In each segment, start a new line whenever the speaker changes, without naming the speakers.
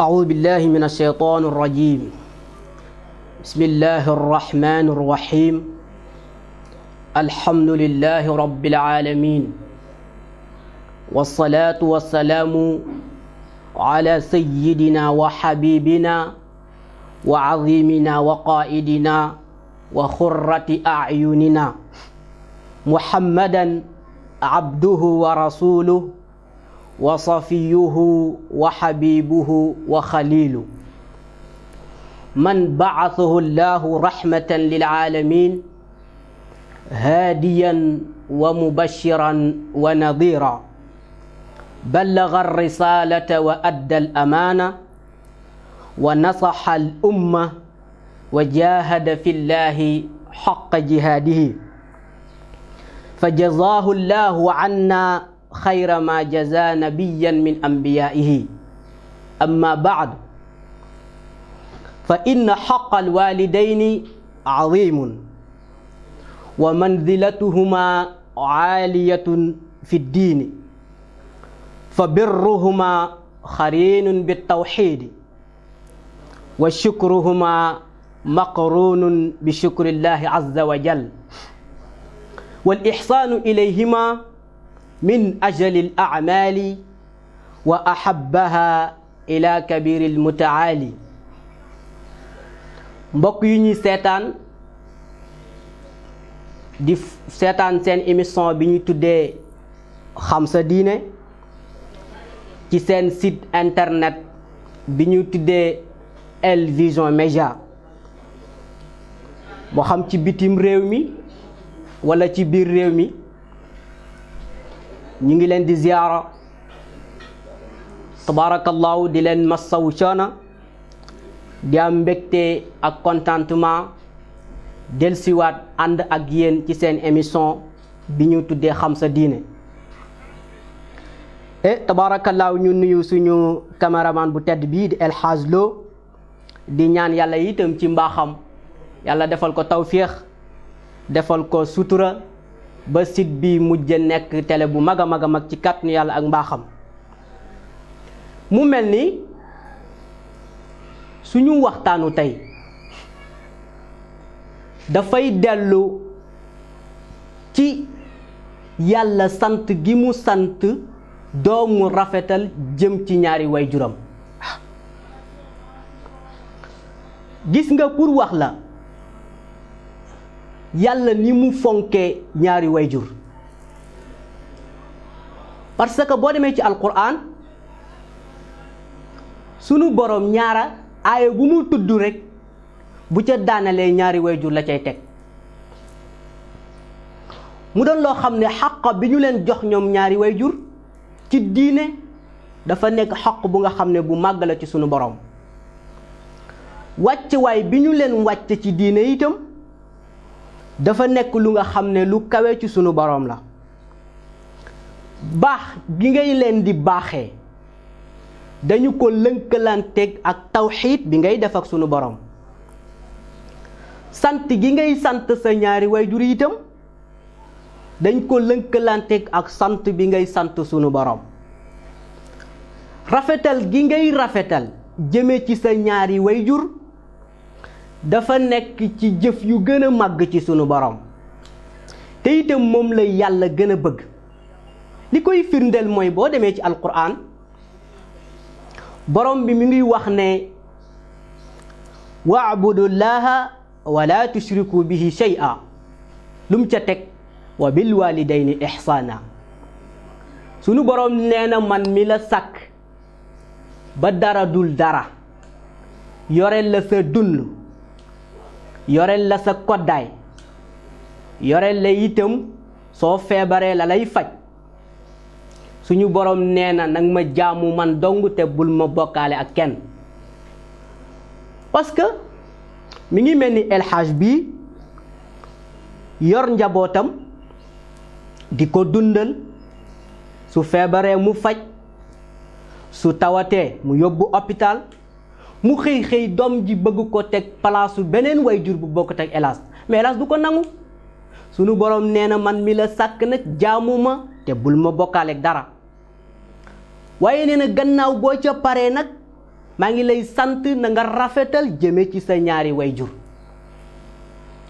أعوذ بالله من الشيطان الرجيم بسم الله الرحمن الرحيم الحمد لله رب العالمين والصلاة والسلام على سيدنا وحبيبنا وعظيمنا وقائدنا وخرة أعيننا محمدا عبده ورسوله وصفيه وحبيبه وخليله من بعثه الله رحمة للعالمين هاديا ومبشرا ونظيرا بلغ الرسالة وأدى الأمانة ونصح الأمة وجاهد في الله حق جهاده فجزاه الله عنا خير ما جزى نبيا من أنبيائه أما بعد فإن حق الوالدين عظيم ومنزلتهما عالية في الدين فبرهما خرين بالتوحيد وشكرهما مقرون بشكر الله عز وجل والإحسان إليهما من أجل الأعمال وأحبها إلى كبير المتعالي مبكو يني سيطان دي سيطان سين إميسان بني تودي خمسة دينة كي سين سيت انترنت بني تودي الفيزيون ميجا مو خم تي بيتيم ريومي ولا تي بير ريومي ñu ngi leen di ziyaara tabaarakallaahu di leen massawu coona di am mbégte ak contentement delsiwaat ànd ak yéen ci seen émission bi ñu tuddee xam sa diine e tabaarakallaahu ñu nuyu suñu caméraman bu tedd bii di El di ñaan yàlla itam ci mbaaxam yàlla defal ko tawféex defal ko sutura ba sit bi mujj nekk tele bu mag a mag a mag ci kàttanu yàlla ak mbaaxam mu mel ni suñu waxtaanu tey dafay dellu ci yàlla sant gi mu sant doomu rafetal jëm ci ñaari way juram gis nga pour wax la yàlla ni mu fonkee ñaari wayjur parce que boo demee ci alquran sunu boroom ñaara aaya bu mu tudd rekk bu ca daanalee ñaari wayjur la cay teg mu doon loo xam ne xaq bi ñu leen jox ñoom ñaari wayjur ci diine dafa nekk xaq bu nga xam ne bu màgg la ci sunu borom wàcc waay bi ñu leen wàcc ci diine itam dafa nekk lu nga xam ne lu kawe ci sunu boroom la baax gi ngay leen di baaxe dañu ko lënkalanteeg ak tawxiid bi ngay def ak sunu boroom sant gi ngay sant sa ñaari way waajur itam dañ ko lënkalanteeg ak sant bi ngay sant sunu boroom rafetal gi ngay rafetal jëme ci sa ñaari waajur dafa nekk ci jëf yu gën a màgg ci sunu borom te moom la yàlla gën a bëgg li koy firndeel mooy boo demee ci alquran borom bi mu ngi wax ne waabudullaha wala tushriku bihi shay'a lum ca teg wa bil walidayni ihsana sunu borom nee na man mi la sàkk ba dara dul dara yore la sa dund yoreel la sa koddaay yoreel la itam soo feebaree la lay faj suñu borom nee na nag ma jaamu man dong bul ma bokkaale ak kenn parce que mi ngi mel ni elxaaj bi yor njabootam di ko dundal su feebaree mu faj su tawatee mu yóbbu hôpital mu xëy xëy doom ji bëgg ko teg palaasu beneen way jur bu bokk teg hélas mais hélas du ko nangu sunu borom nee na man mi la sàkk nag jaamu ma te bul ma bokkaaleeg dara waaye nee na gannaaw boo ca paree nag maa ngi lay sant na nga rafetal jëme ci sa ñaari way jur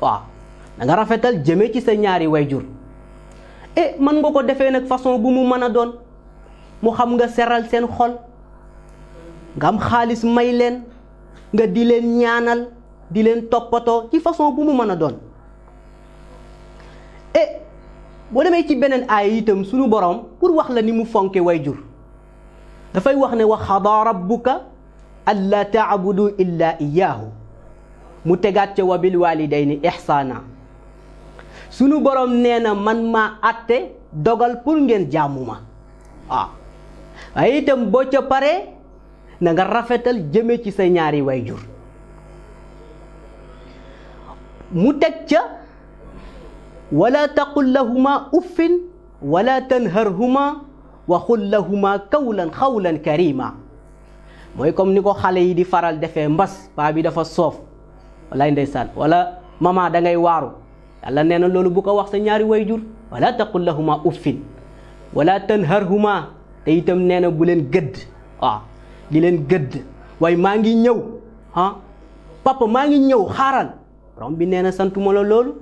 waaw na nga rafetal jëme ci sa ñaari way jur e eh, mën nga ko defee nag façon bu mu mën a doon mu xam nga seral seen xol nga am may len nga di len ñaanal di len topato ci façon bu mu meuna a e bo demé ci benen ay itam sunu borom pour wax la ni mu fonke wayjur da fay wax ne wa khada rabbuka alla ta'budu illa iyyahu mu tegaat ci wabil walidayni ihsana sunu borom nee man ma àtte dogal pour ngeen jamuma ah ay waaye itam boo ca na nga rafetal jëme ci say ñaari wayjur mu teg ca wala taqul lahuma uffin wala tanharhuma waxul lahuma kawlan xawlan karima mooy comme ni ko xale yi di faral defee mbas paa bi dafa soof walaay ndeysaan wala mama dangay waaru yàlla nee na loolu bu ko wax sa ñaari wayjur wala taqul lahuma uffin wala tanharhuma te itam nee na bu leen gëdd di leen gëdd way maa ngi ñëw ah maa ngi ñëw xaaral borom bi nee na santuma la loolu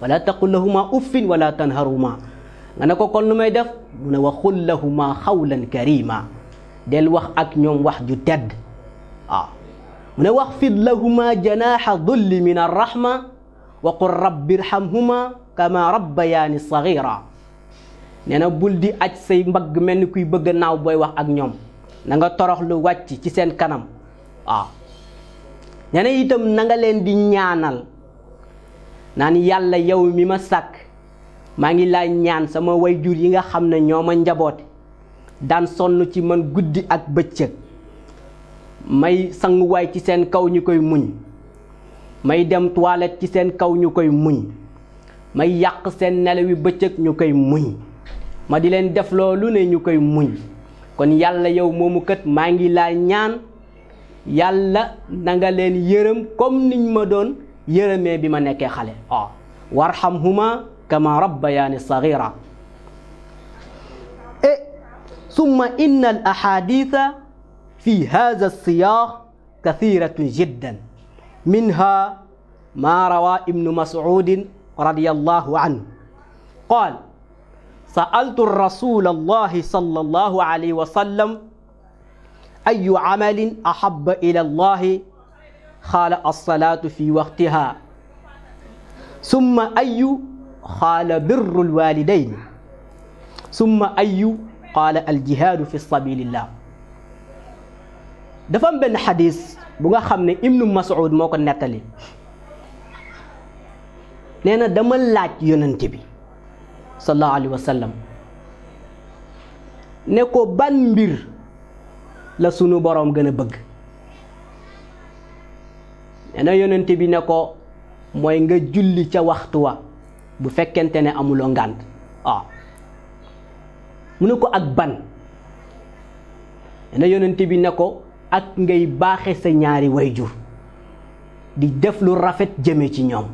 wala taqul lahuma uffin wala tanharuma nga ne ko kon nu may def mu ne waxul lahuma xawlan karima del wax ak ñoom wax ju tedd waaw wax fid lahuma janaaxa dulli min arrahma wa qul rabbi irhamhuma kama rabbayaani sagira nee na bul di aj say mbagg mel ni kuy bëgg a naaw booy wax ak ñoom na nga toroxlu wàcc ci seen kanam waaw itam na nga leen di ñaanal naan yàlla yow mi ma sàkk maa ngi laa ñaan sama wayjur yi nga xam ne ñoo ma njaboote daan sonn ci man guddi ak bëccëg may sanguwaay ci seen kaw ñu koy muñ may dem toilette ci seen kaw ñu koy muñ may yàq seen nelawi bëccëg ñu koy muñ ma di leen def loolu ne ñu koy muñ kon yàlla yow momu kat ma ngi la ñaan yàlla na nga leen yërëm comme niñ ma doon yërëmee bi ma nekkee xale ah warhamhuma kama rabbayani saghira e summa innal ahaditha fi hadha as alsiyaq kathiratun jiddan minha ma rawa ibnu mas'ud radiyallahu anhu qala سألت الرسول الله صلى الله عليه وسلم أي عمل أحب إلى الله قال الصلاة في وقتها ثم أي قال بر الوالدين ثم أي قال الجهاد في سبيل الله dafa بن حديث بغا خمنا ابن مسعود ne نتالي Mas'ud moo ko nettali sallallahu alayhi ne ko ban mbir la sunu boroom gëna bëgg nee yonent bi ne ko mooy nga julli ca waxtu wa bu fekkente ne amuloo ngànt waaw ah. mu ne ko ak ban nee yonent bi ne ko ak ngay baaxe sa ñaari wayjur di def lu rafet jëme ci ñoom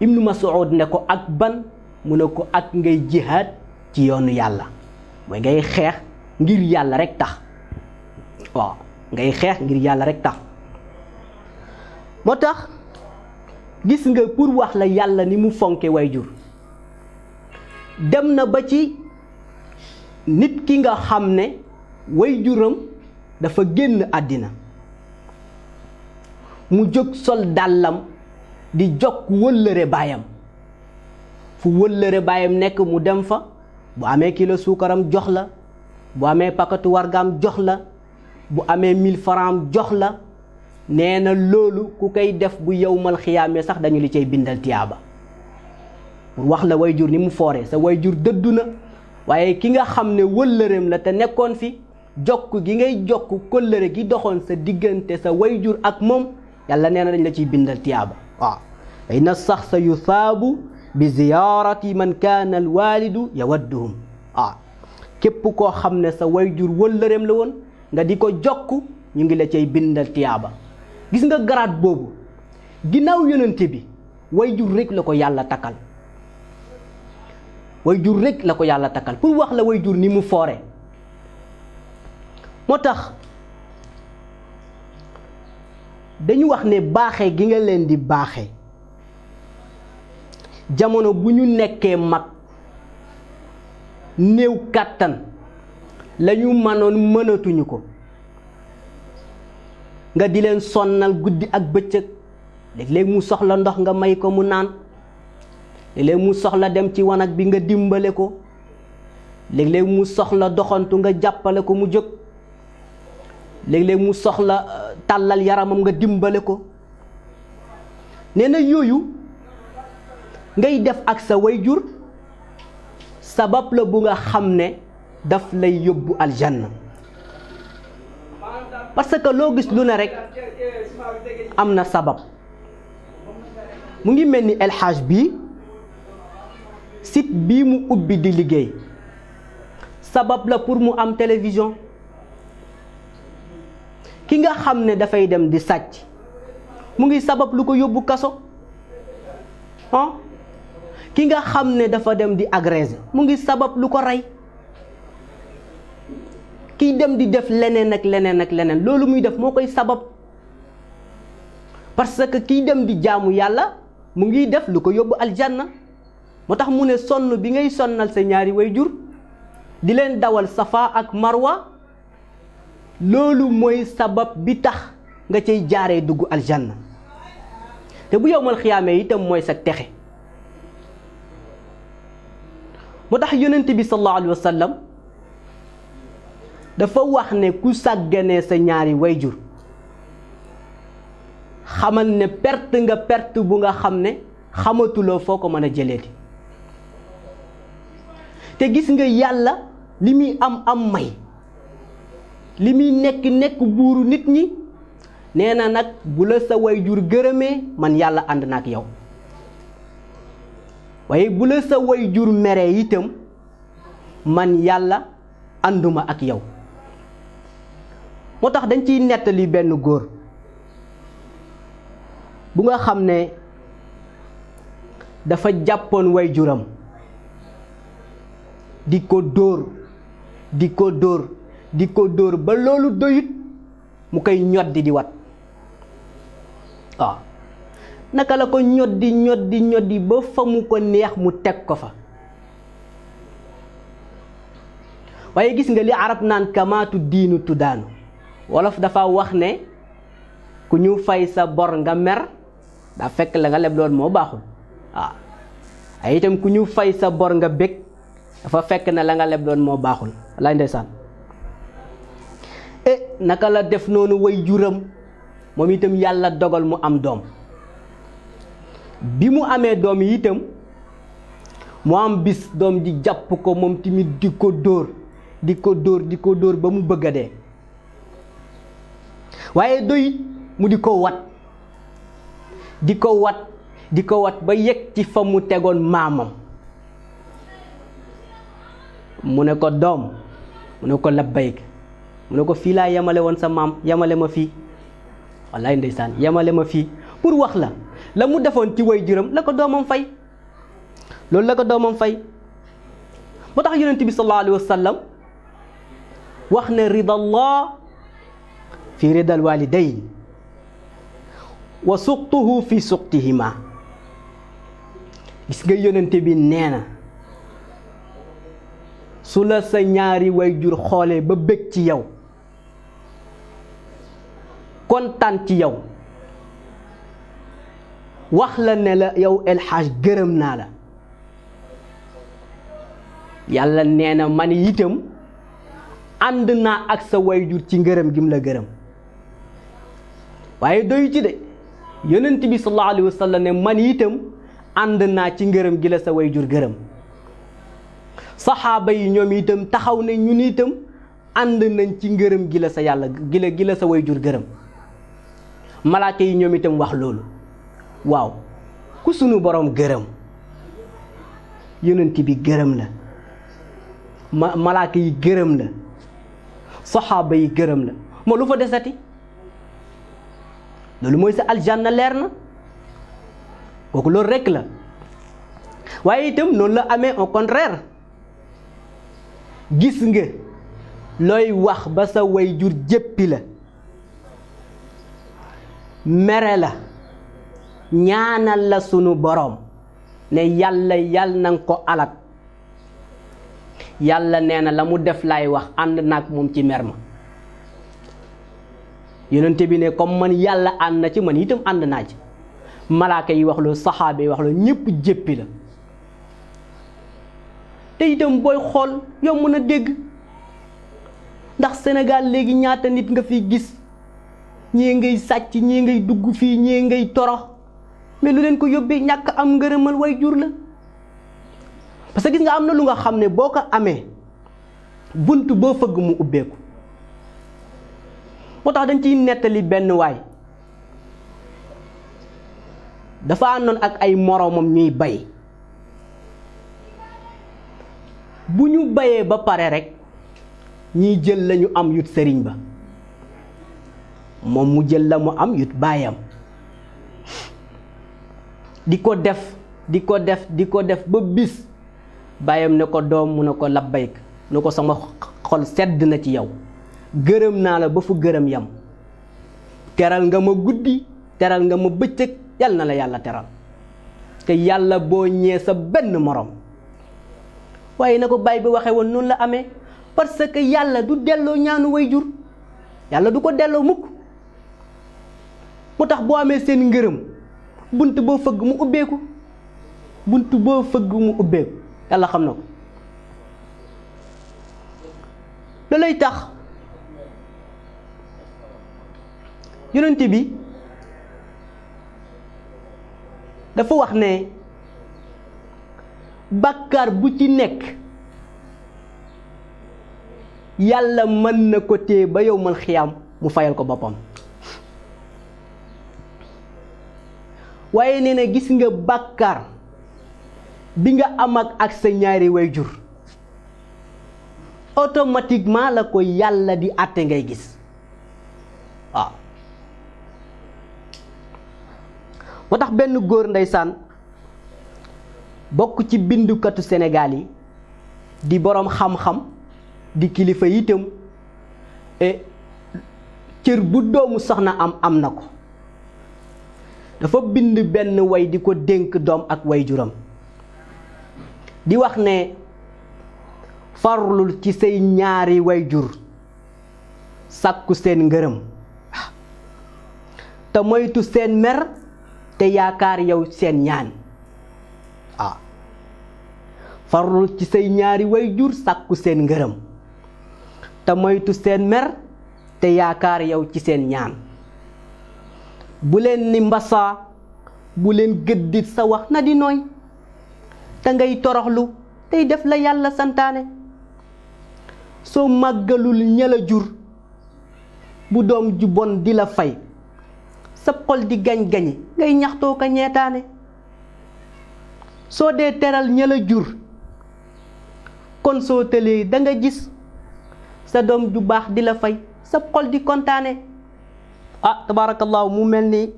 ibnu mas'ud ne ko ak ban mu ne ko ak ngay jihad ci yoonu yalla moy ngay xex ngir yalla rek tax wa ngay xex ngir yalla rek tax motax gis nga pour wax la yalla ni mu fonke wayjur dem na ba ci nit ki nga xamne wayjuram dafa genn adina mu jog sol dalam. di jokk wëllëre baayam fu wëllëre baayam nekk mu dem fa bu amee kilo suukaram jox la bu amee pakatu wargaam jox la bu amee mil francs jox la nee na loolu ku koy def bu yowmal xiyaamee sax dañu li cay bindal tiyaaba pour wax la way jur ni mu foore sa way jur dëddu na waaye ki nga xam ne wëllëreem la te nekkoon fi jokk gi ngay jokk kóllëre gi doxoon sa diggante sa way jur ak moom yàlla nee na dañ la ciy bindal tiyaaba waaw inna saxsa yusaabu bi ziyaarati man kaana al waalidu yawadduhum waaw képp koo xam ne sa wayjur wëllëreem la woon nga di ko jokk ñu ngi la cay bindal tiyaaba gis nga garaat boobu ginnaaw yonente bi way jur rek la ko yàlla takkal way jur rek la ko yàlla takkal pour wax la jur ni mu foore moo tax dañu wax ne baaxe gi nga leen di baaxe jamono bu ñu nekkee mag néew kàttan lañu manoon mënatuñu ko nga di leen sonnal guddi ak bëccëg léeg mu soxla ndox nga may ko mu naan léeg mu soxla dem ci wanag bi nga dimbale ko léeg mu soxla doxantu nga jàppale ko mu jóg léeg mu soxla euh, tàllal yaramam nga dimbale ko nee na yooyu ngay def ak sa wayjur sabab la bu nga xam ne daf lay yóbbu aljanna parce que loo gis lu ne rek am na sabab mu ngi mel ni elhaj bi site bi mu ubbi di liggéey sabab la pour mu am télévision ki nga xamne da fay dem di sàcc mu ngi sabab lu ko yobbu kasso han ki nga xamne da fa dem di agresser mu ngi sabab lu ko ray ki dem di def lenenak ak lenen, ak lenen lolou muy def mokay sabab parce que ki dem di jaamu yalla mu ngi def lu ko yobbu aljanna motax mu ne sonu bi ngay sonnal sa ñaari wayjur di len dawal safa ak marwa lolu moy sabab bi tax nga cay jaaree dugg aljanna te bu yowmal xiyaamee itam moy sa texe motax tax yonent bi sallallahu alayhi wasallam sallam dafa wax ne ku sagane sa ñaari wayjur xamal ne perte nga perte bu nga xamne ne xamatuloo foo ko mën te gis nga yàlla limi am am may li muy nekk nekk buuru nit ñi nee na nag bu la sa wayjur gërëmee man yàlla ànd na ak yow waaye bu la sa jur meree itam man yàlla ànduma ak yow moo tax dañ ciy nettali benn góor bu nga xam ne dafa jàppoon juram di ko dóor di ko dóor di ko dóor ba lolou doyit mu kay ñoddi di wat ah naka la ko ñoddi ñoddi ñoddi ba famu ko neex mu tek ko fa waye gis nga li arab kama tu dinu tudan wolof dafa wax ne ku ñu fay sa bor nga mer da fek la nga lebloon mo baxul ah ay itam ku ñu fay sa bor nga bek dafa fek na la nga mo baxul ndaysan e naka la def noonu way juram moom itam yàlla dogal mu am doom bi mu amee doom yitam mu am bis doom ji jàpp ko moom tamit di ko dóor di ko dóor di ko dóor ba mu bëgg dee waaye doyit mu di ko wat di ko wat di ko wat ba yegg ci fa mu tegoon maamam mu ne ko doom mu ne ko labbayk mu ne ko fii laa yemale woon sa maam yemale ma fii wallaay ndeysaan yamale ma fii pour wax la la mu defoon ci way juram la ko doomam fay loolu la ko doomam fay ba tax yonent bi sallallahu alayhi wa wax ne ridallah fi ridal walidayn wa suqtuhu fi gis nga yonent bi nee na su la sa ñaari way jur xoolee ba bëgg ci yow kontaan ci yow wax la ne la yow El gërëm naa la yàlla nee na man itam ànd naa ak sa jur ci ngërëm gim la gërëm waaye doyu ci de yonent bi sallallahu alayhi wa ne man itam ànd naa ci ngërëm gi la sa wayjur gërëm saxaaba yi ñoom itam taxaw ne ñun itam ànd nañ ci ngërëm gi la sa yàlla gi la gi la sa wayjur gërëm malaaka yi ñoom itam wax loolu waaw ku sunu borom gërëm yonent bi gërëm la ma malaaka yi gërëm la saxaaba yi gërëm la moo lu fa desati loolu mooy sa aljanna leer na kooku loolu rekk la waaye itam noonu la amee au contraire gis nga looy wax ba sa way jur jéppi la mere la ñaanal la sunu boroom ne yàlla yàl na ko alak yàlla nee na la mu def lay wax ànd naag moom ci mer ma yonente bi ne comme man yàlla ànd na ci man itam ànd naa ci malaaka yi wax loolu saxaaba yi wax loolu ñépp jéppi la te itam booy xool yow mën a dégg ndax Sénégal léegi ñaata nit nga fi gis ñii ngay sàcc ñii ngay dugg fii ñii ngay toro mais lu leen ko yóbbee ñàkk am ngërëmal way jur la parce que gis nga am na lu nga xam ne boo ko amee bunt boo fëgg mu ubbeeku moo tax dañ ciy nettali benn waay dafa àndoon ak ay moroomam ñuy bay bu ñu bayee ba pare rekk ñiy jël lañu am yut sëriñ ba mom mu jël la mu am yut bayam, dikodef, dikodef, def diko def diko def ba bis bayam ne ko dom mu ne ko labbayk ne ko sama xol sedd na ci yow geureum na la ba fu geureum yam teral nga ma guddii teral nga ma beccëk yal na la yalla teral te yalla bo ñe sa benn morom waye na ko baay bi waxe won nun la amé parce que yalla du delo ñaanu wayjur yalla du ko delo mukk mu tax boo amee seen ngërëm bunt boo fëgg mu ubbeeku bunt boo fëgg mu ubbeeku yàlla xam na ko loolay tax yonente bi dafa wax ne bàkkaar bu ci nekk yàlla mën na ko téye ba yow mal xiyaam mu fayal ko boppam waye nee gis nga bakkar bi nga am ak sa ñaari wayjur automatiquement la ko yalla di àtte ngay gis wa motax benn goor ndaysan bokk ci bindukatu Sénégal yi di borom xam-xam di kilifa itam e cër bu doomu soxna am am nako. dafa bind benn way di ko dénk doom ak way juram di wax ne farlul ci say ñaari way seen ngërëm te moytu te yaakaar yow seen ci say ñaari way jur sàkku seen ngërëm te moytu seen mer te yaakaar yow ci seen ñaan bu nimbasa, ni mbassa bu len geddit sa wax na di noy ta ngay toroxlu tay def la yalla santane so magalul ñala jur bu dom ju bon di la fay sa xol di gañ gañ ngay ñaxto ka ñeetaane so de teral ñala jur kon so tele da nga gis sa dom ju bax di la fay sa xol di kontane ah tabarakallah mu melni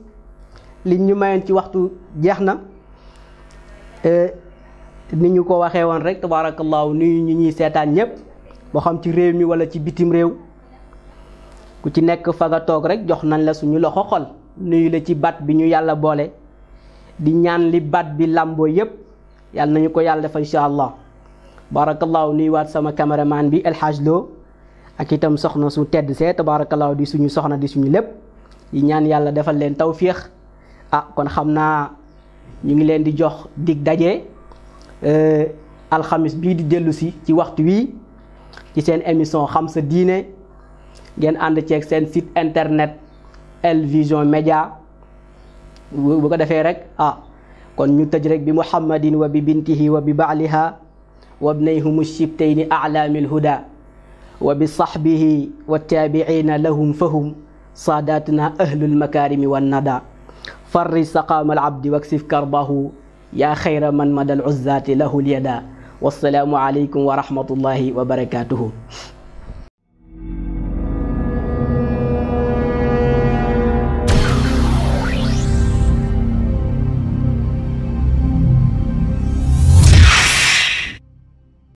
li ñu mayen ci waxtu jeexna euh ni ñu ko waxe won rek tabarakallah ni ñu ñi seetaan ñep bo xam ci rew mi wala ci bitim rew ku ci nek fa ga tok rek jox nañ la suñu loxo xol nuyu la ci bat bi ñu yalla boole di ñaan li bat bi lambo yep yalla nañu ko yalla def inshallah allah ni wat sama cameraman bi El hajlo ak itam soxna su tedd se tabarakallahu di suñu soxna di suñu lepp yi ñaan yàlla defal leen tawféex ah kon xam naa ñu ngi leen di jox dig daje alxamis bii di dellu si ci waxtu wi ci seen émission xam sa diine ngeen ànd ceeg seen site internet El Vision Média bu ko defee rek ah kon ñu tëj rek bi muhammadin wa bi bintihi wa bi baaliha wa bnayhum shibtayni aclaami lhuda wa bi saxbihi wa taabiina lahum fahum صاداتنا أهل المكارم والندى فرج سقام العبد واكسف كربه يا خير من مدى العزات له اليدا والسلام عليكم ورحمة الله وبركاته